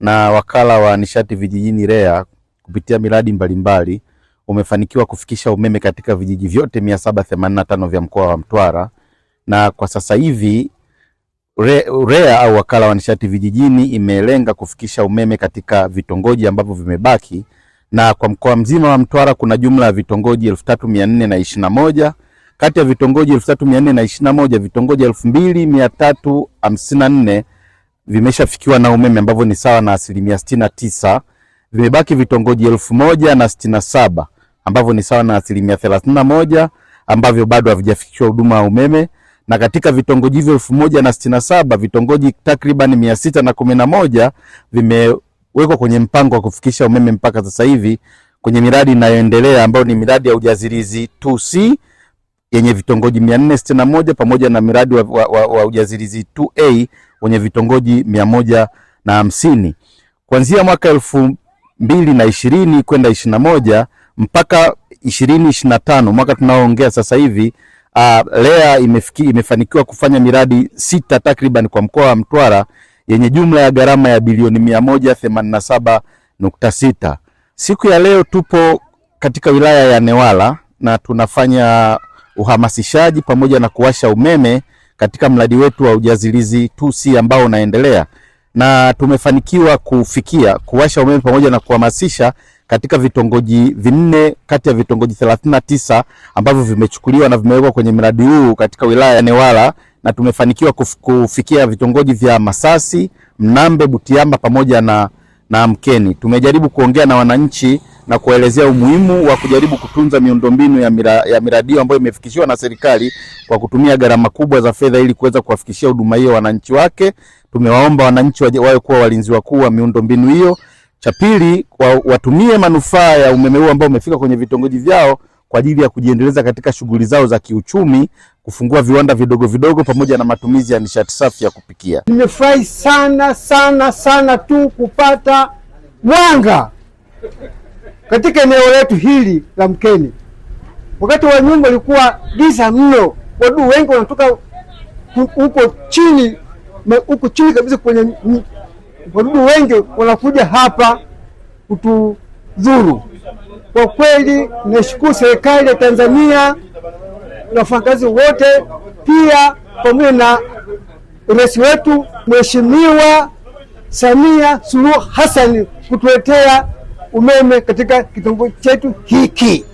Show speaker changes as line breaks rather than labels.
na wakala wa nishati vijijini REA kupitia miradi mbalimbali umefanikiwa kufikisha umeme katika vijiji vyote 785 vya mkoa wa Mtwara, na kwa sasa hivi REA au wakala wa nishati vijijini imelenga kufikisha umeme katika vitongoji ambavyo vimebaki, na kwa mkoa mzima wa Mtwara kuna jumla ya vitongoji 3421 kati ya vitongoji 3421 vitongoji 2354 vimeshafikiwa na umeme ambavyo ni sawa na asilimia sitini na tisa. Vimebaki vitongoji elfu moja na sitini na saba ambavyo ni sawa na asilimia thelathini na moja ambavyo bado havijafikiwa huduma ya umeme, na katika vitongoji hivyo elfu moja na sitini na saba vitongoji takriban mia sita na kumi na moja vimewekwa kwenye mpango wa kufikisha umeme mpaka sasa hivi kwenye miradi inayoendelea ambayo ni miradi ya ujazirizi 2C yenye vitongoji mia nne sitini na moja pamoja na miradi wa, wa, wa, wa ujazirizi 2A wenye vitongoji mia moja na hamsini kuanzia mwaka elfu mbili na ishirini kwenda ishirini na moja mpaka ishirini ishirini na tano mwaka tunaoongea sasa hivi. Uh, REA imefiki, imefanikiwa kufanya miradi sita takriban kwa mkoa wa Mtwara yenye jumla ya gharama ya bilioni mia moja themanini na saba nukta sita. Siku ya leo tupo katika wilaya ya Newala na tunafanya uhamasishaji pamoja na kuwasha umeme katika mradi wetu wa Ujazilizi 2C ambao unaendelea na tumefanikiwa kufikia kuwasha umeme pamoja na kuhamasisha katika vitongoji vinne kati ya vitongoji 39 ambavyo vimechukuliwa na vimewekwa kwenye mradi huu katika wilaya ya Newala na tumefanikiwa kufikia vitongoji vya Masasi, Mnambe, Butiama pamoja na, na Mkeni. Tumejaribu kuongea na wananchi na kuelezea umuhimu wa kujaribu kutunza miundombinu ya, mira, ya miradi hiyo ambayo imefikishiwa na serikali kwa kutumia gharama kubwa za fedha ili kuweza kuwafikishia huduma hiyo wananchi wake. Tumewaomba wananchi wawe kuwa walinzi wakuu wa miundombinu hiyo. Cha pili, watumie manufaa ya umeme huu ambao umefika kwenye vitongoji vyao kwa ajili ya kujiendeleza katika shughuli zao za kiuchumi, kufungua viwanda vidogo vidogo pamoja na matumizi ya nishati safi ya kupikia.
Nimefurahi sana sana sana tu kupata mwanga katika eneo letu hili la Mkeni. Wakati wa nyumba ilikuwa giza mno, wadu wengi wanatoka huko chini, huko chini kabisa kwenye wadudu wengi wanakuja hapa kutudhuru. Kwa kweli, nashukuru serikali ya Tanzania na wafanyakazi wote, pia pamoja na rais wetu Mheshimiwa Samia Suluhu Hassan kutuletea umeme katika kitongoji chetu hiki.